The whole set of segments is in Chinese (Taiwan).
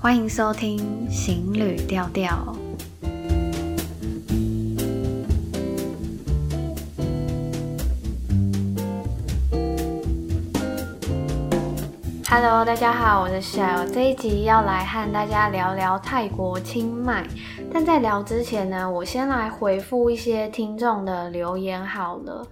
歡迎收聽《行旅調調》。Hello，大家好，我是 Shell，這一集要來和大家聊聊泰國清邁。但在聊之前呢，我先來回復一些聽眾的留言好了。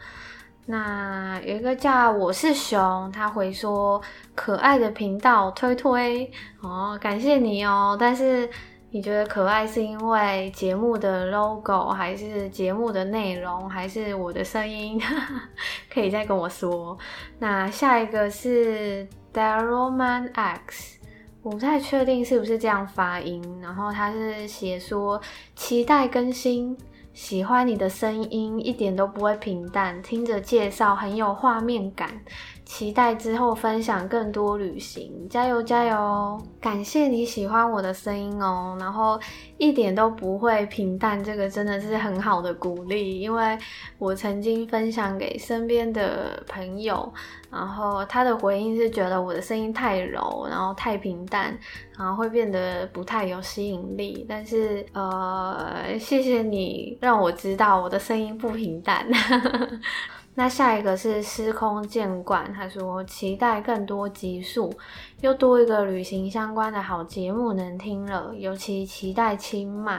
那有一個叫我是熊，他回說，可愛的頻道推推哦，感謝你哦、喔。但是你覺得可愛是因為節目的 logo，還是節目的內容，還是我的聲音？ 可以再跟我說。那下一個是 Darylman X，我不太確定是不是這樣發音。然後他是寫說，期待更新。喜歡你的聲音，一點都不會平淡，聽着介紹很有畫面感。期待之後分享更多旅行，加油加油！感謝你喜歡我的聲音哦，然後一點都不會平淡，這個真的是很好的鼓勵，因為我曾經分享給身邊的朋友，然後他的回應是覺得我的聲音太柔，然後太平淡，然後會變得不太有吸引力。但是呃，謝謝你讓我知道我的聲音不平淡。 那下一個是司空見慣，他說，期待更多集數，又多一個旅行相關的好節目能聽了，尤其期待清邁。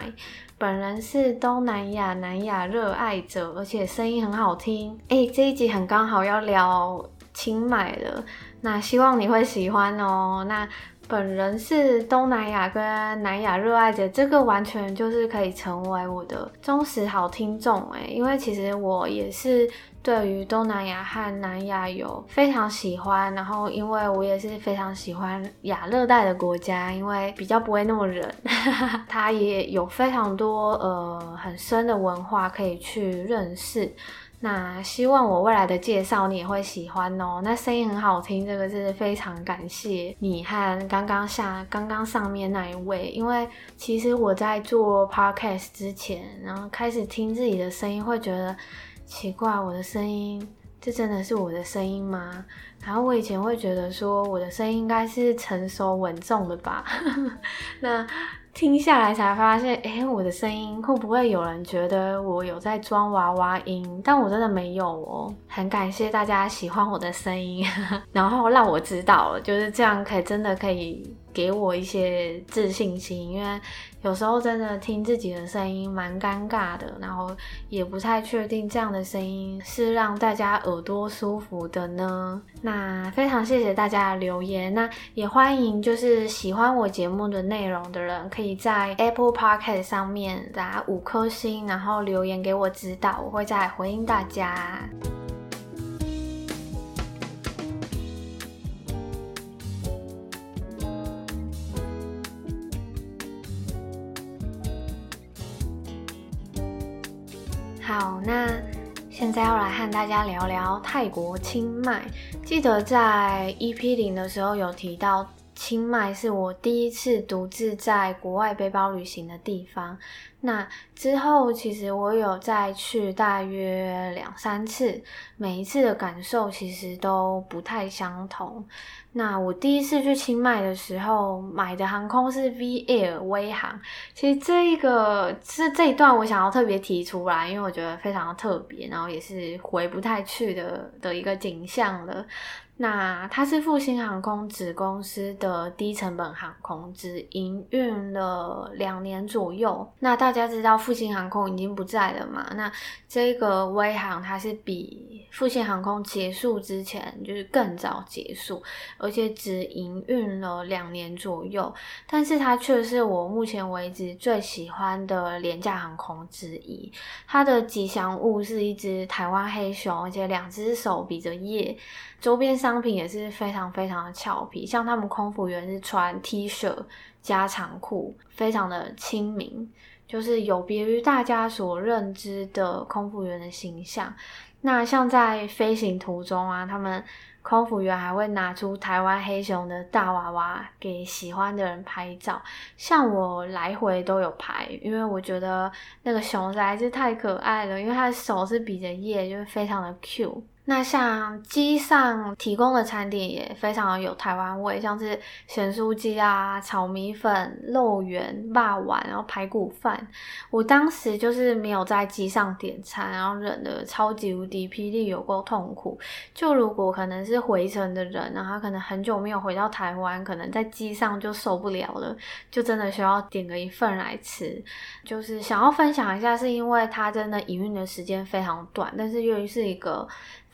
本人是東南亞、南亞熱愛者，而且聲音很好聽。哎、欸，這一集很剛好要聊清邁了，那希望你會喜歡哦。那本人是東南亞跟南亞熱愛者，這個完全就是可以成為我的忠實好聽眾。哎，因為其實我也是。對於東南亞和南亞有非常喜歡，然後因為我也是非常喜歡亞熱帶的國家，因為比較不會那麼冷，他 也有非常多呃很深的文化可以去認識。那希望我未來的介紹你也會喜歡哦。那聲音很好聽，這個是非常感謝你和剛剛下剛剛上面那一位，因為其實我在做 Podcast 之前，然後開始聽自己的聲音，會覺得。奇怪，我的聲音，這真的是我的聲音嗎？然後我以前會覺得說，我的聲音應該是成熟穩重的吧。 那聽下來才發現，誒，我的聲音會不會有人覺得我有在裝娃娃音？但我真的沒有哦。很感謝大家喜歡我的聲音， 然後讓我知道了，就是這樣，可以真的可以。給我一些自信心，因為有時候真的聽自己的聲音蠻尷尬的，然後也不太確定這樣的聲音是讓大家耳朵舒服的呢。那非常謝謝大家的留言，那也歡迎就是喜歡我節目的內容的人，可以在 Apple Podcast 上面打五顆星，然後留言給我指導，我會再來回應大家。跟大家聊聊泰國清邁，記得在 EP 零的時候有提到。清邁是我第一次獨自在國外背包旅行的地方。那之後，其實我有再去大約兩三次，每一次的感受其實都不太相同。那我第一次去清邁的時候，買的航空是 Vair 威航。其實這一個是這一段我想要特別提出來，因為我覺得非常的特別，然後也是回不太去的的一個景象了。那它是復興航空子公司的低成本航空，只營運了兩年左右。那大家知道復興航空已經不在了嘛？那這個微航它是比復興航空結束之前就是更早結束，而且只營運了兩年左右，但是它卻是我目前為止最喜歡的廉價航空之一。它的吉祥物是一隻台灣黑熊，而且兩隻手比着耶，周邊上。商品也是非常非常的俏皮，像他們空服員是穿 T 恤、加長褲，非常的親民，就是有別於大家所認知的空服員的形象。那像在飛行途中啊，他們空服員還會拿出台灣黑熊的大娃娃給喜歡的人拍照，像我來回都有拍，因為我覺得那個熊仔是太可愛了，因為他的手是比着耶，就是非常的 Q。那像機上提供的餐點也非常有台灣味，像是鹹酥雞啊、炒米粉、肉圓、霸丸，然後排骨飯。我當時就是沒有在機上點餐，然後忍的超級無敵霹靂有夠痛苦。就如果可能是回程的人，然後他可能很久沒有回到台灣，可能在機上就受不了了，就真的需要點個一份來吃。就是想要分享一下，是因為它真的營運的時間非常短，但是由於是一個。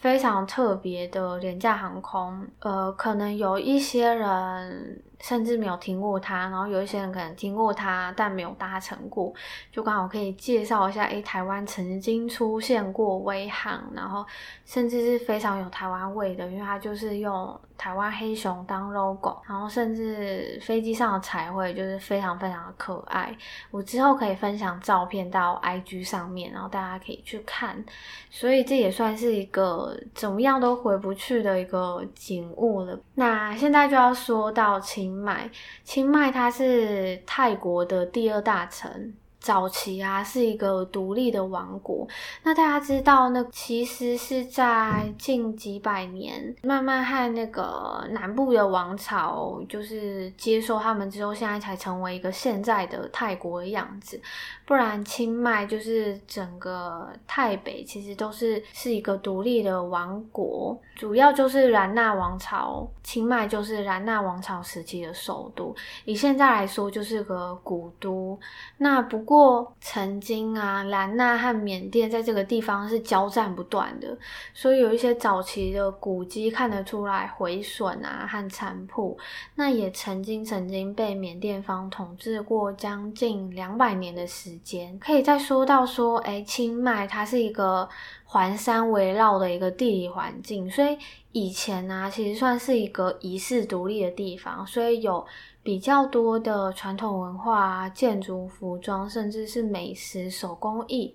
非常特別的廉價航空，呃，可能有一些人甚至沒有聽過它，然後有一些人可能聽過它，但沒有搭乘過，就剛好可以介紹一下。誒、欸、台灣曾經出現過威航，然後甚至是非常有台灣味的，因為它就是用，台灣黑熊當 logo，然後甚至飛機上的彩繪就是非常非常的可愛。我之後可以分享照片到 IG 上面，然後大家可以去看。所以這也算是一個怎麼樣都回不去的一個景物了。那現在就要說到清邁，清邁它是泰國的第二大城。早期啊，是一個獨立的王國。那大家知道，那其實是在近幾百年，慢慢和那個南部的王朝就是接受他們之後，現在才成為一個現在的泰國的樣子。不然，清邁就是整個泰北其實都是是一個獨立的王國，主要就是蘭納王朝。清邁就是蘭納王朝時期的首都，以現在來說就是個古都。那不過。過曾經啊，蘭納和緬甸在這個地方是交戰不斷的，所以有一些早期的古蹟看得出來毀損啊和殘破。那也曾經曾經被緬甸方統治過將近兩百年的時間。可以再說到說，誒，清邁它是一個。環山圍繞的一個地理環境，所以以前啊，其實算是一個遺世獨立的地方，所以有比較多的傳統文化、建築、服裝，甚至是美食、手工藝。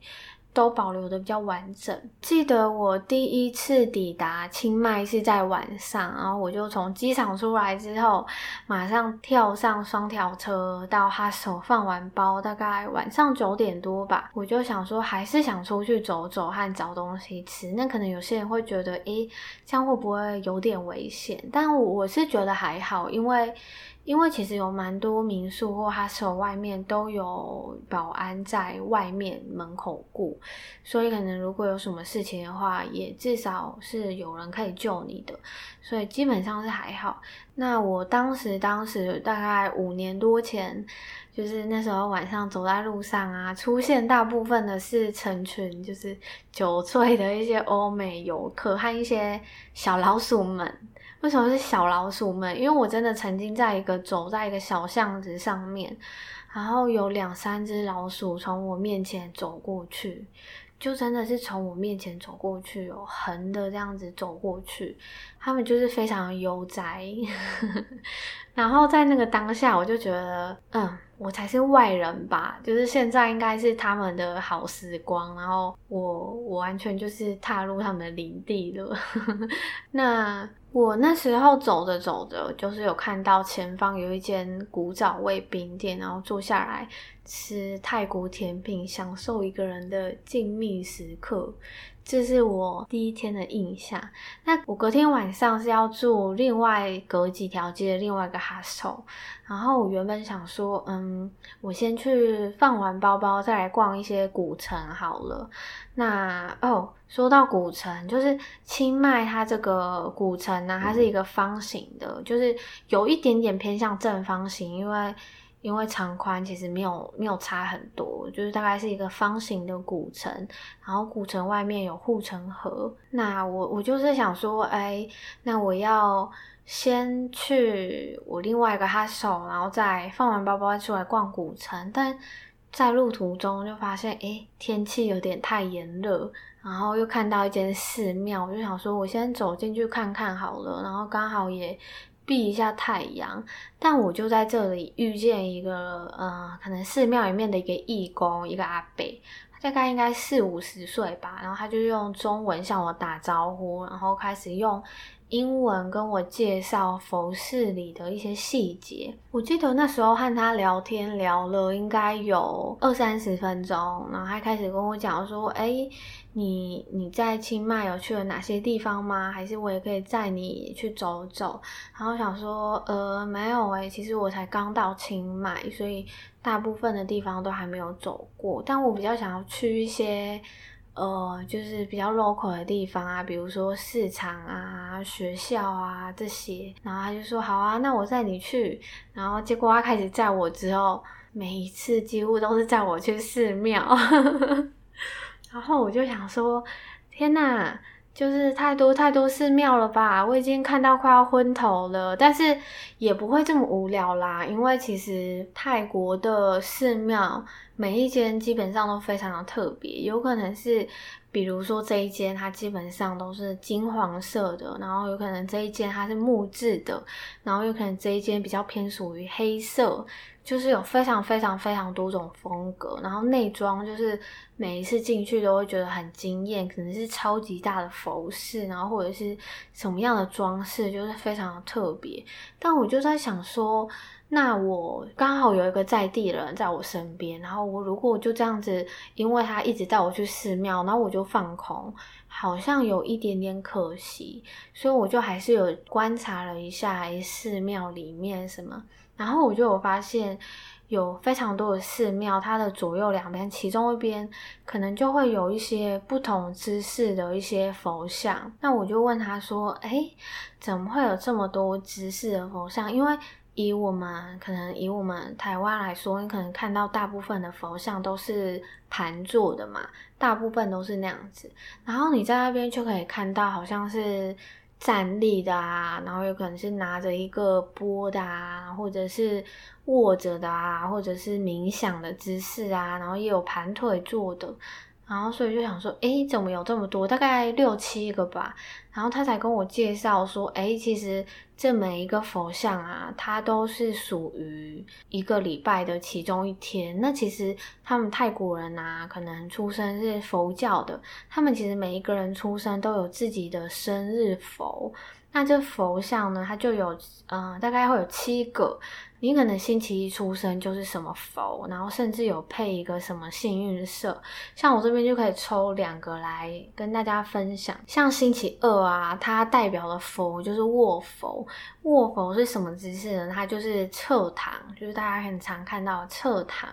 都保留的比較完整。記得我第一次抵達清邁是在晚上，然後我就從機場出來之後，馬上跳上雙條車到哈手放完包，大概晚上九點多吧。我就想說，還是想出去走走和找東西吃。那可能有些人會覺得，誒、欸，這樣會不會有點危險？但我我是覺得還好，因為。因為其實有蠻多民宿或 house 外面都有保安在外面門口顧，所以可能如果有什麼事情的話，也至少是有人可以救你的，所以基本上是還好。那我當時當時大概五年多前，就是那時候晚上走在路上啊，出現大部分的是成群就是酒醉的一些歐美遊客和一些小老鼠們。為什麼是小老鼠們？因為我真的曾經在一個走在一個小巷子上面，然後有兩三隻老鼠從我面前走過去，就真的是從我面前走過去哦，橫的這樣子走過去，他們就是非常的悠哉。 然後在那個當下，我就覺得，嗯，我才是外人吧，就是現在應該是他們的好時光，然後我我完全就是踏入他們的領地了。 那。我那時候走着走着，就是有看到前方有一間古早味餅店，然後坐下來吃泰國甜品，享受一個人的靜謐時刻。這是我第一天的印象。那我隔天晚上是要住另外隔幾條街的另外一個 hostel，然後我原本想說，嗯，我先去放完包包，再來逛一些古城好了。那哦，說到古城，就是清邁它這個古城呢，它是一個方形的，就是有一點點偏向正方形，因為。因為長寬其實沒有沒有差很多，就是大概是一個方形的古城，然後古城外面有護城河。那我我就是想說，哎，那我要先去我另外一個 hostel，然後再放完包包出來逛古城。但在路途中就發現，哎，天氣有點太炎熱，然後又看到一間寺廟，我就想說，我先走進去看看好了。然後剛好也。避一下太陽，但我就在這裡遇見一個，嗯、呃，可能寺廟裡面的一個義工，一個阿北，他大概應該四五十歲吧，然後他就用中文向我打招呼，然後開始用。英文跟我介紹佛寺裡的一些細節。我記得那時候和他聊天聊了應該有二三十分鐘，然後他開始跟我講說：“誒、欸，你你在清邁有去了哪些地方嗎？還是我也可以載你去走走？”然後想說：“呃，沒有誒、欸，其實我才剛到清邁，所以大部分的地方都還沒有走過。但我比較想要去一些。”呃，就是比較 local 的地方啊，比如說市場啊、學校啊這些。然後他就說：“好啊，那我帶你去。”然後結果他開始載我之後，每一次幾乎都是載我去寺廟。 然後我就想說：“天吶、啊、就是太多太多寺廟了吧？我已經看到快要昏頭了。”但是也不會這麼無聊啦，因為其實泰國的寺廟。每一間基本上都非常的特別，有可能是，比如說這一間它基本上都是金黃色的，然後有可能這一間它是木質的，然後有可能這一間比較偏屬於黑色，就是有非常非常非常多種風格。然後內裝就是每一次進去都會覺得很驚豔，可能是超級大的服飾，然後或者是什麼樣的裝飾，就是非常的特別。但我就在想說。那我剛好有一個在地人在我身邊，然後我如果就這樣子，因為他一直帶我去寺廟，然後我就放空，好像有一點點可惜，所以我就還是有觀察了一下，誒，寺廟裡面什麼，然後我就有發現有非常多的寺廟，它的左右兩邊其中一邊可能就會有一些不同姿勢的一些佛像，那我就問他說：“哎，怎麼會有這麼多姿勢的佛像？”因為。以我們可能以我們台灣來說，你可能看到大部分的佛像都是盤坐的嘛，大部分都是那樣子。然後你在那邊就可以看到，好像是站立的啊，然後有可能是拿着一個缽的啊，或者是臥着的啊，或者是冥想的姿勢啊，然後也有盤腿坐的。然後，所以就想說，哎，怎麼有這麼多？大概六七個吧。然後他才跟我介紹說，哎，其實這每一個佛像啊，它都是屬於一個禮拜的其中一天。那其實他們泰國人啊，可能出生是佛教的，他們其實每一個人出生都有自己的生日佛。那這佛像呢，它就有，嗯、呃，大概會有七個。你可能星期一出生就是什麼佛，然後甚至有配一個什麼幸運色，像我這邊就可以抽兩個來跟大家分享。像星期二啊，它代表的佛就是臥佛。臥佛是什麼姿勢呢？它就是側躺，就是大家很常看到側躺，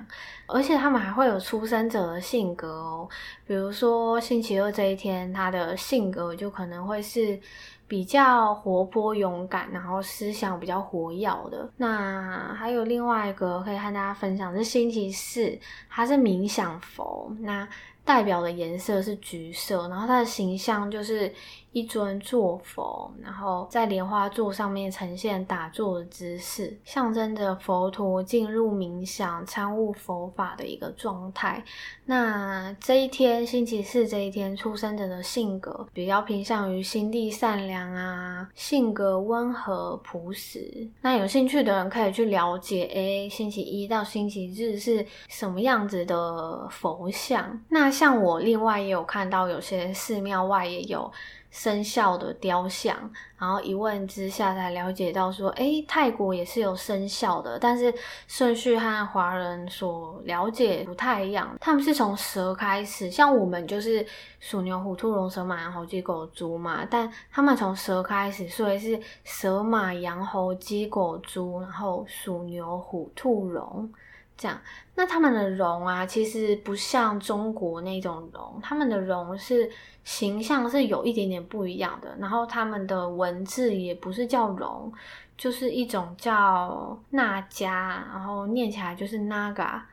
而且他們還會有出生者的性格哦。比如說星期二這一天，他的性格就可能會是比較活潑勇敢，然後思想比較活躍的。那還有另外一個可以和大家分享是星期四，它是冥想佛，那代表的顏色是橘色，然後它的形象就是。一尊坐佛，然後在蓮花座上面呈現打坐的姿勢，象徵着佛陀進入冥想參悟佛法的一個狀態。那這一天，星期四這一天出生者的性格比較偏向於心地善良啊，性格溫和樸實。那有興趣的人可以去了解。誒，星期一到星期日是什麼樣子的佛像？那像我另外也有看到，有些寺廟外也有生肖的雕像，然後一問之下才了解到說，誒、欸、泰國也是有生肖的，但是順序和華人所了解不太一樣。他們是從蛇開始，像我們就是鼠、牛、虎、兔、龍、蛇、馬、羊、猴、雞、狗、豬嘛，但他們從蛇開始，所以是蛇、馬、羊、猴、雞、狗、豬，然後鼠、牛、虎、兔、龍。這樣，那他們的龍啊，其實不像中國那種龍，他們的龍是形象是有一點點不一樣的，然後他們的文字也不是叫龍，就是一種叫娜迦，然後念起來就是納嘎。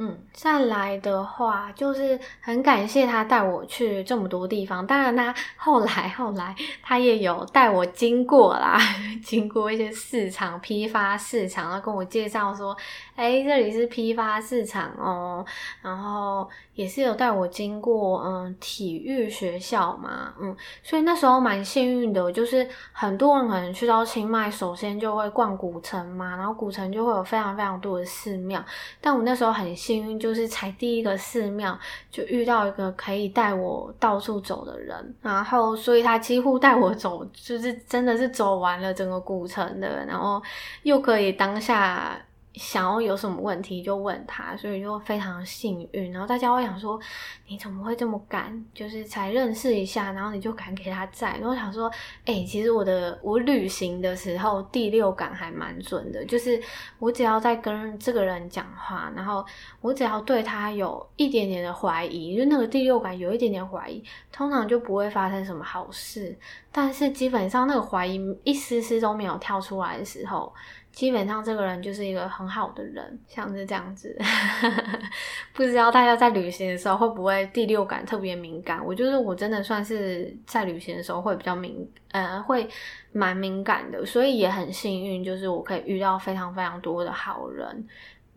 嗯，再來的話就是很感謝他帶我去這麼多地方。當然、啊，他後來後來他也有帶我經過啦，經過一些市場、批發市場，然後跟我介紹說：“哎、欸，這裡是批發市場哦。”然後也是有帶我經過，嗯，體育學校嘛，嗯，所以那時候蠻幸運的，就是很多人可能去到清邁，首先就會逛古城嘛，然後古城就會有非常非常多的寺廟。但我那時候很幸。幸運就是才第一個寺廟就遇到一個可以帶我到處走的人，然後所以他幾乎帶我走，就是真的是走完了整個古城的，然後又可以當下，想要有什麼問題就問他，所以就非常幸運。然後大家會想說，你怎麼會這麼敢？就是才認識一下，然後你就敢給他載。然後我想說，哎、欸，其實我的我旅行的時候第六感還蠻準的。就是我只要在跟這個人講話，然後我只要對他有一點點的懷疑，就是、那個第六感有一點點懷疑，通常就不會發生什麼好事。但是基本上那個懷疑一絲絲都沒有跳出來的時候。基本上這個人就是一個很好的人，像是這樣子。 不知道大家在旅行的時候會不會第六感特別敏感？我就是我真的算是在旅行的時候會比較敏，呃，會蠻敏感的，所以也很幸運，就是我可以遇到非常非常多的好人。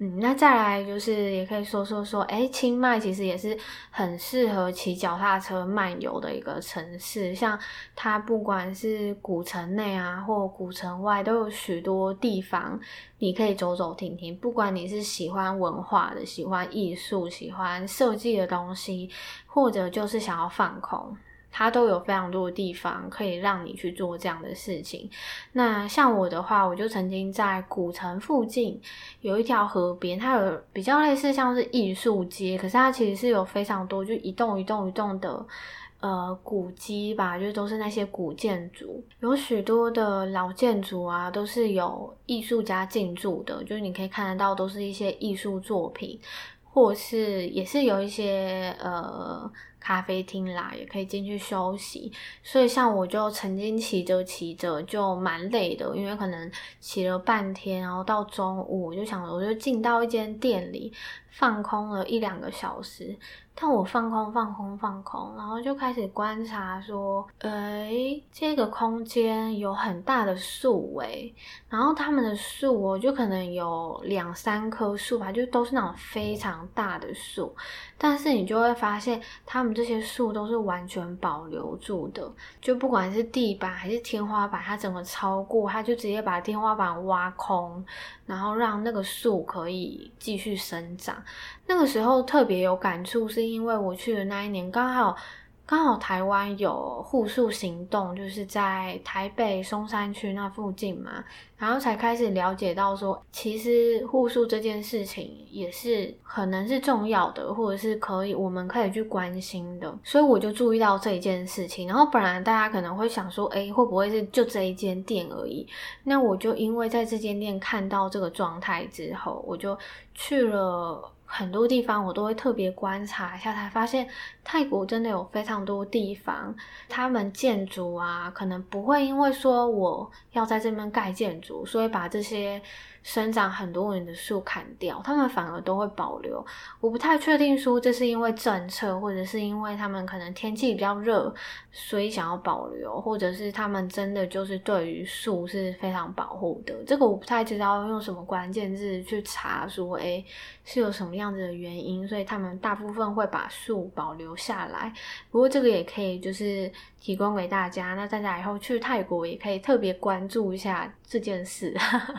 嗯，那再來就是，也可以說說說，誒、欸，清邁其實也是很適合騎腳踏車漫遊的一個城市。像它不管是古城內啊，或古城外，都有許多地方你可以走走停停。不管你是喜歡文化的、喜歡藝術、喜歡設計的東西，或者就是想要放空。它都有非常多的地方可以讓你去做這樣的事情。那像我的話，我就曾經在古城附近有一條河邊，它有比較類似像是藝術街，可是它其實是有非常多就一棟一棟一棟的呃古蹟吧，就是都是那些古建築，有許多的老建築啊，都是有藝術家進駐的，就是你可以看得到都是一些藝術作品，或是也是有一些呃。咖啡廳啦，也可以進去休息。所以，像我就曾經騎着騎着就蠻累的，因為可能騎了半天，然後到中午，我就想，我就進到一間店裡。放空了一兩個小時，但我放空放空放空，然後就開始觀察說，誒，這個空間有很大的樹哎，然後他們的樹哦，就可能有兩三棵樹吧，就都是那種非常大的樹，但是你就會發現，他們這些樹都是完全保留住的，就不管是地板還是天花板，它怎麼超過，它就直接把天花板挖空。然後讓那個樹可以繼續生長。那個時候特別有感觸，是因為我去的那一年剛好。剛好台灣有護樹行動，就是在台北松山區那附近嘛，然後才開始了解到說，其實護樹這件事情也是可能是重要的，或者是可以我們可以去關心的。所以我就注意到這一件事情。然後本來大家可能會想說，誒，會不會是就這一間店而已？那我就因為在這間店看到這個狀態之後，我就去了。很多地方我都會特別觀察一下，才發現泰國真的有非常多地方，他們建築啊，可能不會因為說我要在這邊蓋建築，所以把這些。生長很多年的樹砍掉，他們反而都會保留。我不太確定說這是因為政策，或者是因為他們可能天氣比較熱，所以想要保留，或者是他們真的就是對於樹是非常保護的。這個我不太知道用什麼關鍵字去查說，誒，是有什麼樣子的原因，所以他們大部分會把樹保留下來。不過這個也可以就是提供給大家，那大家以後去泰國也可以特別關注一下這件事，呵呵，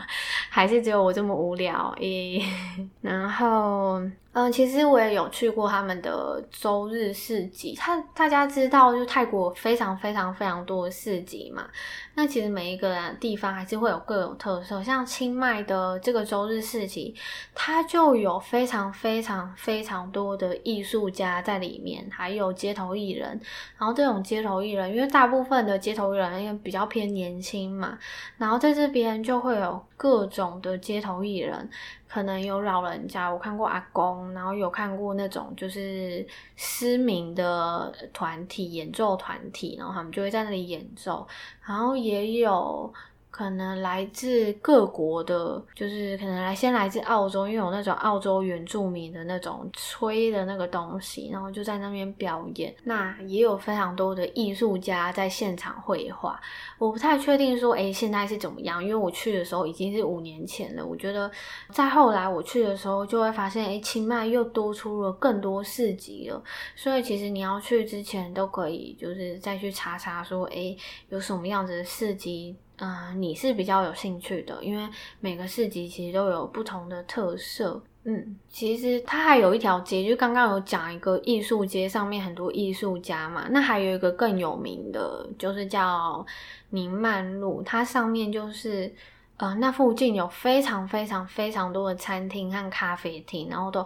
還是。就只有我這麼無聊耶，欸、 然後。嗯，其實我也有去過他們的周日市集。他大家知道，就泰國非常非常非常多的市集嘛。那其實每一個、啊、地方還是會有各種特色，像清邁的這個周日市集，他就有非常非常非常多的藝術家在裡面，還有街頭藝人。然後這種街頭藝人，因為大部分的街頭藝人也比較偏年輕嘛，然後在這邊就會有各種的街頭藝人，可能有老人家，我看過阿公。然後有看過那種就是失明的團體演奏團體，然後他們就會在那裡演奏，然後也有。可能來自各國的，就是可能來先來自澳洲，因為有那種澳洲原住民的那種吹的那個東西，然後就在那邊表演。那也有非常多的藝術家在現場繪畫。我不太確定說，誒、欸、現在是怎麼樣？因為我去的時候已經是五年前了。我覺得再後來我去的時候，就會發現，誒、欸、清邁又多出了更多市集了。所以其實你要去之前都可以，就是再去查查說，誒、欸、有什麼樣子的市集。嗯、呃，你是比較有興趣的，因為每個市集其實都有不同的特色。嗯，其實它還有一條街，就剛剛有講一個藝術街，上面很多藝術家嘛。那還有一個更有名的，就是叫寧曼路，它上面就是呃，那附近有非常非常非常多的餐廳和咖啡廳，然後都。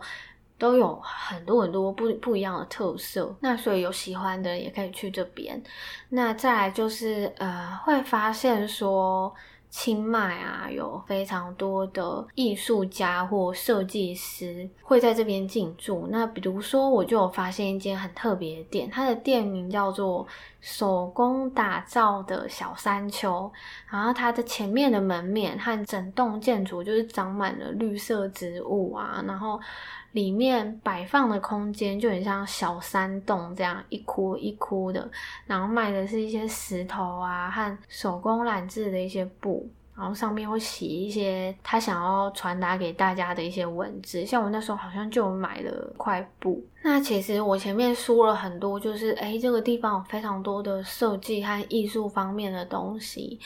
都有很多很多不不一樣的特色，那所以有喜歡的也可以去這邊。那再來就是呃，會發現說，清邁啊有非常多的藝術家或設計師會在這邊進駐。那比如說，我就有發現一間很特別的店，它的店名叫做“手工打造的小山丘”，然後它的前面的門面和整棟建築就是長滿了綠色植物啊，然後。裡面擺放的空間就很像小山洞這樣，一窟一窟的。然後賣的是一些石頭啊和手工染制的一些布，然後上面會寫一些他想要傳達給大家的一些文字。像我那時候好像就買了塊布。那其實我前面說了很多，就是哎、欸，這個地方有非常多的設計和藝術方面的東西。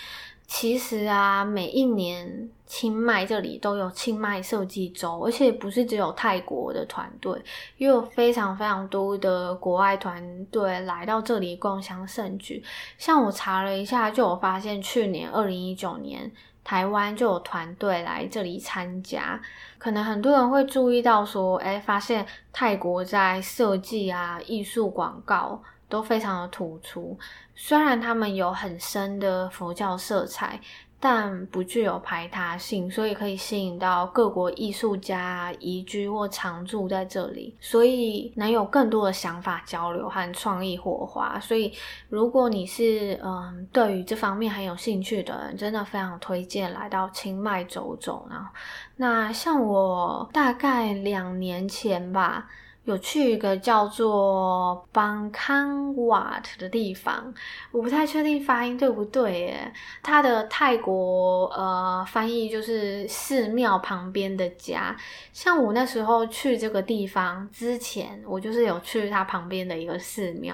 其實啊，每一年清邁這裡都有清邁設計周，而且不是只有泰國的團隊，也有非常非常多的國外團隊來到這裡共襄盛舉。像我查了一下，就有發現去年二零一九年，台灣就有團隊來這裡參加。可能很多人會注意到說，哎、欸，發現泰國在設計啊、藝術、廣告，都非常的突出，雖然他們有很深的佛教色彩，但不具有排他性，所以可以吸引到各國藝術家移居或常住在這裡，所以能有更多的想法交流和創意火花。所以，如果你是，嗯，對於這方面很有興趣的人，真的非常推薦來到清邁走走呢啊。那像我大概兩年前吧。有去一個叫做 Baan Kang Wat 的地方，我不太確定發音對不對耶。它的泰國呃翻譯就是寺廟旁邊的家。像我那時候去這個地方之前，我就是有去它旁邊的一個寺廟，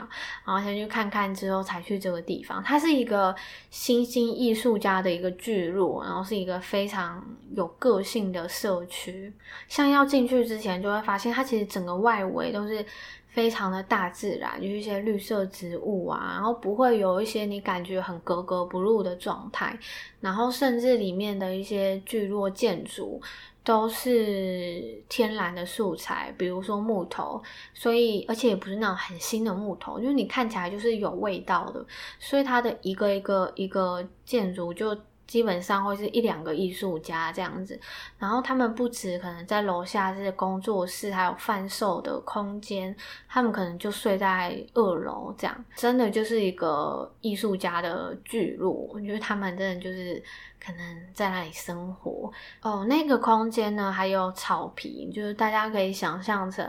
然後先去看看，之後才去這個地方。它是一個新興藝術家的一個聚落，然後是一個非常有個性的社區。像要進去之前，就會發現它其實整個外，外圍都是非常的大自然，就是一些綠色植物啊，然後不會有一些你感覺很格格不入的狀態。然後甚至裡面的一些聚落建築都是天然的素材，比如說木頭。所以，而且也不是那種很新的木頭，就是你看起來就是有味道的。所以，它的一個一個一個建築就。基本上會是一兩個藝術家這樣子，然後他們不只可能在樓下是工作室，還有販售的空間，他們可能就睡在二樓，這樣真的就是一個藝術家的聚落。我覺得他們真的就是可能在那裡生活哦。那個空間呢，還有草皮，就是大家可以想象成。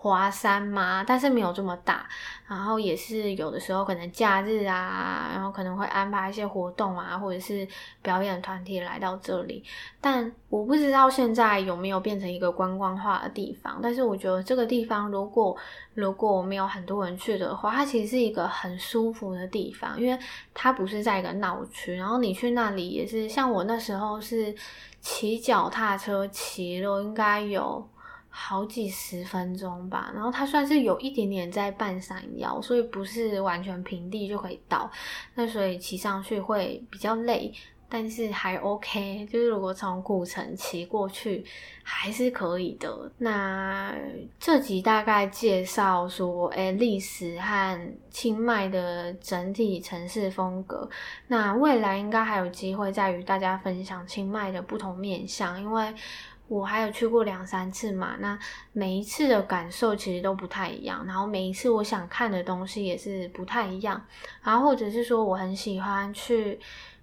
華山嗎，但是沒有這麼大。然後也是有的時候可能假日啊，然後可能會安排一些活動啊，或者是表演團體來到這裡。但我不知道現在有沒有變成一個觀光化的地方。但是我覺得這個地方如，如果如果沒有很多人去的話，它其實是一個很舒服的地方，因為它不是在一個鬧區。然後你去那裡也是，像我那時候是騎腳踏車騎了，應該有。好幾十分鐘吧，然後它算是有一點點在半山腰，所以不是完全平地就可以到。那所以騎上去會比較累，但是還 OK。就是如果從古城騎過去還是可以的。那這集大概介紹說，哎，歷史和清邁的整體城市風格。那未來應該還有機會再與大家分享清邁的不同面向，因為。我還有去過兩三次嘛，那每一次的感受其實都不太一樣，然後每一次我想看的東西也是不太一樣，然後或者是說我很喜歡去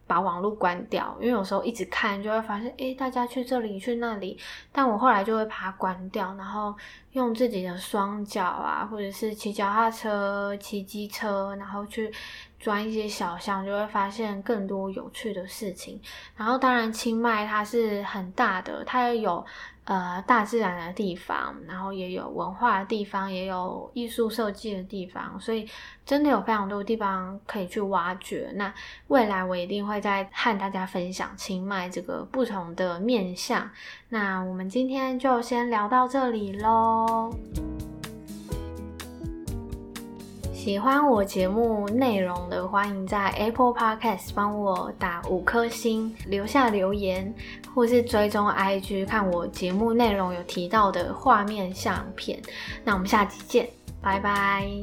把網絡關掉，因為有時候一直看就會發現，誒，大家去這裡去那裡，但我後來就會把它關掉，然後用自己的雙腳啊，或者是騎腳踏車、騎機車，然後去。鑽一些小巷，就會發現更多有趣的事情。然後，當然，清邁它是很大的，它也有呃大自然的地方，然後也有文化的地方，也有藝術設計的地方，所以真的有非常多地方可以去挖掘。那未來我一定會再和大家分享清邁這個不同的面向。那我們今天就先聊到這裡嘍。喜歡我節目內容的，歡迎在 Apple Podcast 幫我打五顆星，留下留言，或是追蹤 IG 看我節目內容有提到的畫面相片。那我們下集見，拜拜。